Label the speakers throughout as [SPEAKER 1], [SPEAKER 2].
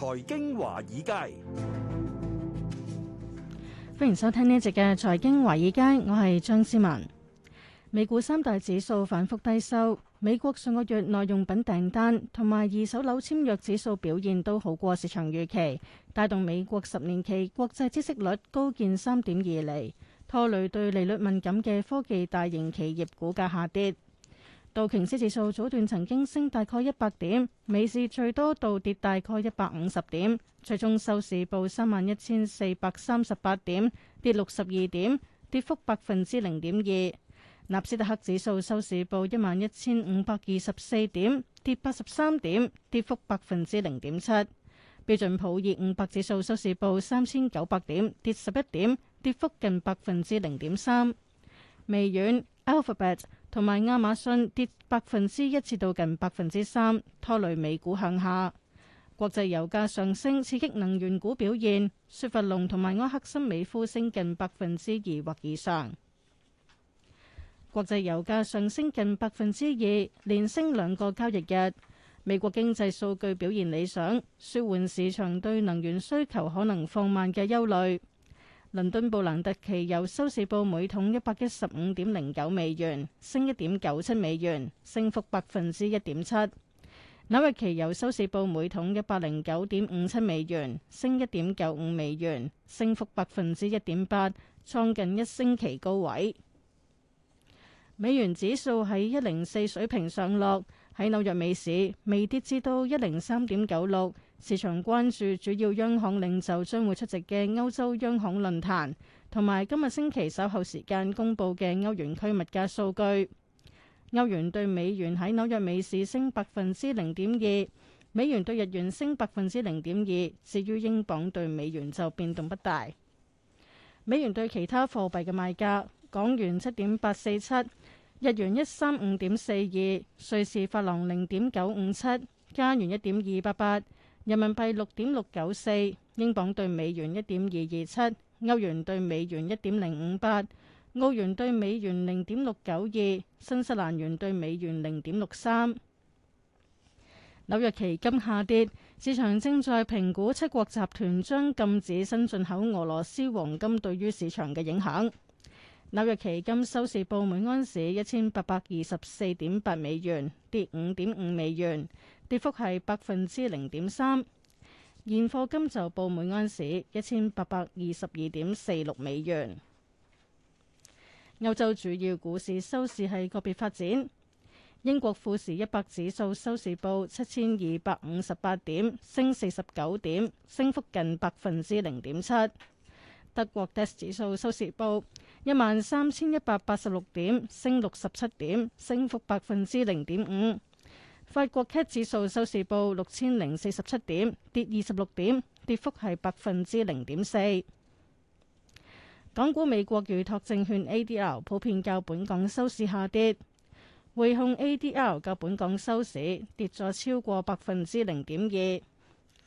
[SPEAKER 1] 財經
[SPEAKER 2] 華爾街，
[SPEAKER 3] 歡迎收聽呢一集嘅財經華爾街，我係張思文。美股三大指數反覆低收，美國上個月耐用品訂單同埋二手樓簽約指數表現都好過市場預期，帶動美國十年期國債息率高見三點二厘，拖累對利率敏感嘅科技大型企業股價下跌。道瓊斯指數早段曾經升大概一百點，美市最多倒跌大概一百五十點，最終收市報三萬一千四百三十八點，跌六十二點，跌幅百分之零點二。納斯達克指數收市報一萬一千五百二十四點，跌八十三點，跌幅百分之零點七。標準普爾五百指數收市報三千九百點，跌十一點，跌幅近百分之零點三。微軟、Alphabet 同埋亞馬遜跌百分之一至到近百分之三，拖累美股向下。國際油價上升刺激能源股表現，雪佛龍同埋埃克森美孚升近百分之二或以上。國際油價上升近百分之二，連升兩個交易日。美國經濟數據表現理想，舒緩市場對能源需求可能放慢嘅憂慮。倫敦布蘭特期油收市報每桶一百一十五點零九美元，升一點九七美元，升幅百分之一點七。紐約期油收市報每桶一百零九點五七美元，升一點九五美元，升幅百分之一點八，創近一星期高位。美元指數喺一零四水平上落，喺紐約美市微跌至到一零三點九六。市場關注主要央行領袖將會出席嘅歐洲央行論壇，同埋今日星期稍後時間公布嘅歐元區物價數據。歐元對美元喺紐約美市升百分之零點二，美元對日元升百分之零點二。至於英鎊對美元就變動不大。美元對其他貨幣嘅賣價：港元七點八四七，日元一三五點四二，瑞士法郎零點九五七，加元一點二八八。人民幣六點六九四，英鎊兌美元一點二二七，歐元兌美元一點零五八，澳元兌美元零點六九二，新西蘭元兌美元零點六三。紐約期金下跌，市場正在評估七國集團將禁止新進口俄羅斯黃金對於市場嘅影響。紐約期金收市報每安士一千八百二十四點八美元，跌五點五美元。跌幅係百分之零點三，現貨金就報每盎司一千八百二十二點四六美元。歐洲主要股市收市係個別發展，英國富時一百指數收市報七千二百五十八點，升四十九點，升幅近百分之零點七。德國 DAX 指數收市報一萬三千一百八十六點，升六十七點，升幅百分之零點五。.法國 CAC 指數收市報六千零四十七點，跌二十六點，跌幅係百分之零點四。港股美國預託證券 A D L 普遍較本港收市下跌，匯控 A D L 較本港收市跌咗超過百分之零點二。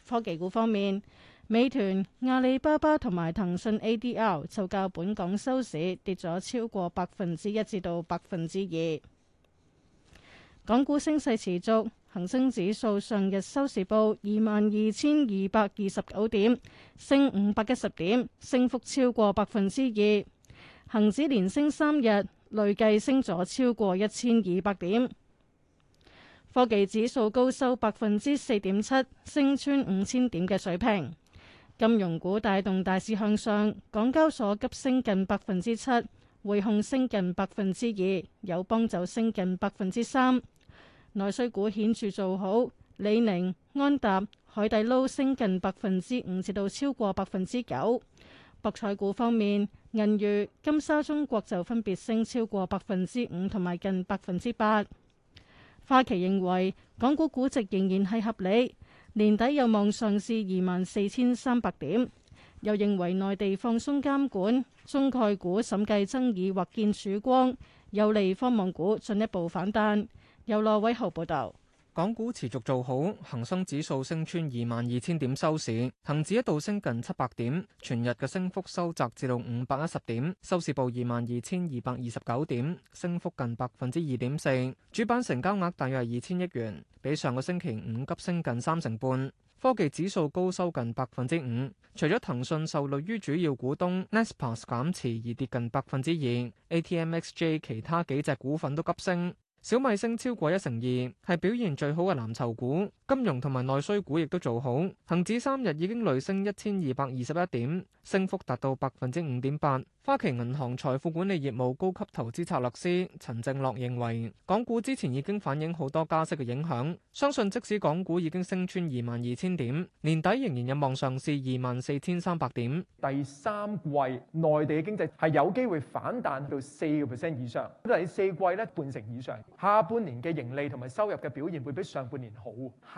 [SPEAKER 3] 科技股方面，美團、阿里巴巴同埋騰訊 A D L 就較本港收市跌咗超過百分之一至到百分之二。港股升勢持續，恒生指數上日收市報二萬二千二百二十九點，升五百一十點，升幅超過百分之二。恒指連升三日，累計升咗超過一千二百點。科技指數高收百分之四點七，升穿五千點嘅水平。金融股帶動大市向上，港交所急升近百分之七，匯控升近百分之二，友邦就升近百分之三。內需股顯著做好，李寧、安踏、海底撈升近百分之五，至到超過百分之九。博彩股方面，銀娛、金沙中國就分別升超過百分之五同埋近百分之八。花旗認為港股估值仍然係合理，年底有望上市二萬四千三百點。又認為內地放鬆監管，中概股審計爭議或見曙光，有利科網股進一步反彈。有羅偉豪報道，
[SPEAKER 1] 港股持續做好，恒生指數升穿二萬二千點收市，恒指一度升近七百點，全日嘅升幅收窄至到五百一十點，收市報二萬二千二百二十九點，升幅近百分之二點四。主板成交額大約係二千億元，比上個星期五急升近三成半。科技指數高收近百分之五，除咗騰訊受累於主要股東 Naspers 減持而跌近百分之二，ATMXJ 其他幾隻股份都急升。小米升超過一成二，係表現最好嘅藍籌股。金融同埋內需股亦都做好，恒指三日已經累升一千二百二十一點，升幅達到百分之五點八。花旗銀行財富管理業務高級投資策略師陳正樂認為，港股之前已經反映好多加息嘅影響，相信即使港股已經升穿二萬二千點，年底仍然有望上市二萬四千三百點。第三季內地嘅經濟係有機會反彈到四個 percent 以上，咁第四季咧半成以上，下半年嘅盈利同埋收入嘅表現會比上半年好。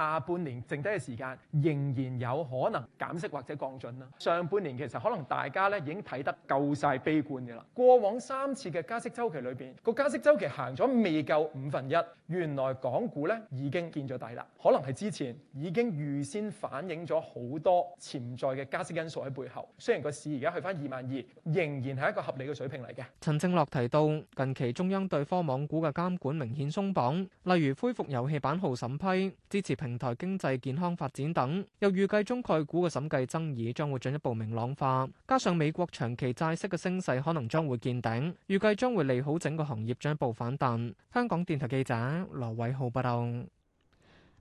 [SPEAKER 1] 下半年剩低嘅時間仍然有可能減息或者降準啦。上半年其實可能大家咧已經睇得夠晒悲觀嘅啦。過往三次嘅加息週期裏邊，個加息週期行咗未夠五分一，原來港股咧已經見咗底啦。可能係之前已經預先反映咗好多潛在嘅加息因素喺背後。雖然個市而家去返二萬二，仍然係一個合理嘅水平嚟嘅。陳正樂提到，近期中央對科網股嘅監管明顯鬆綁，例如恢復遊戲版號審批，支持平台經濟健康發展等，又預計中概股嘅審計爭議將會進一步明朗化，加上美國長期債息嘅升勢可能將會見頂，預計將會利好整個行業進一步反彈。香港電台記者羅偉浩報道。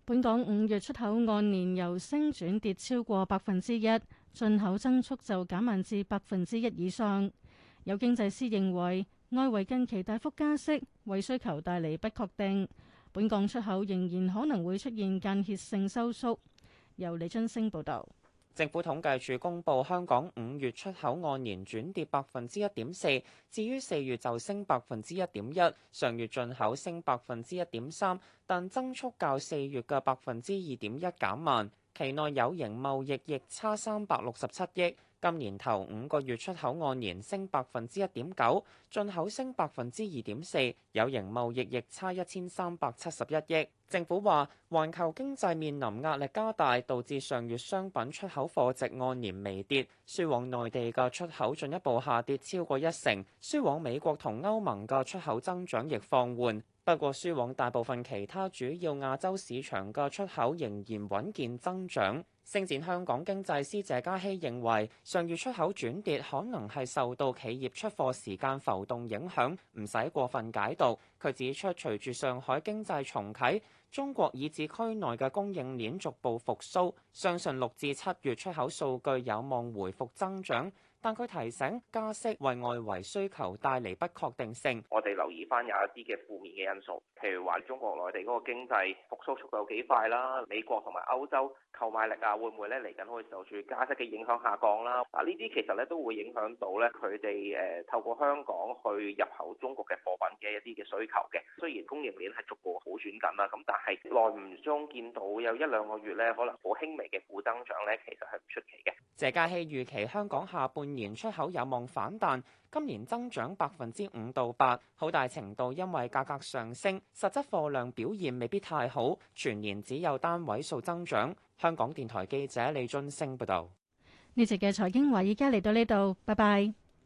[SPEAKER 3] 本港五月出口按年由升轉跌超過百分之一，進口增速就減慢至百分之一以上。有經濟師認為，外圍近期大幅加息，為需求帶嚟不確定。本港出口仍然可能會出現間歇性收縮。由李津升報導。
[SPEAKER 2] 政府統計處公布香港五月出口按年轉跌百分之一點四，至於四月就升百分之一點一。上月進口升百分之一點三，但增速較四月嘅百分之二點一減慢。期內有形貿易逆差三百六十七億。今年頭五個月出口按年升百分之一點九，進口升百分之二點四，有形貿易逆差一千三百七十一億。政府話，環球經濟面臨壓力加大，導致上月商品出口貨值按年微跌，輸往內地嘅出口進一步下跌超過一成，輸往美國同歐盟嘅出口增長亦放緩。不過，輸往大部分其他主要亞洲市場嘅出口仍然穩健增長。星展香港經濟師謝家熙認為，上月出口轉跌可能係受到企業出貨時間浮動影響，唔使過分解讀。佢指出，隨住上海經濟重啟，中國以至區內嘅供應鏈逐步復甦，相信六至七月出口數據有望回復增長。但佢提醒，加息為外圍需求帶嚟不確定性。我哋留意翻有一啲嘅負面嘅因素，譬如話中國內地嗰個經濟復甦速度有幾快啦？美國同埋歐洲購買力啊，會唔會咧嚟緊會受住加息嘅影響下降啦？啊，呢啲其實咧都會影響到咧佢哋誒透過香港去入口中國嘅貨品嘅一啲嘅需求嘅。雖然供應鏈係逐步好轉緊啦，咁但係。係耐唔中見到有一兩個月咧，可能好輕微嘅負增長咧，其實，係唔出奇嘅。謝嘉希預期香港下半年出口有望反彈，今年增長百分之五到八，好大程度因為價格上升，實質貨量表現未必太好，全年只有單位數增長。香港電台記者李俊升報道。
[SPEAKER 3] 呢節嘅財經華爾街，而家嚟到呢度，拜拜。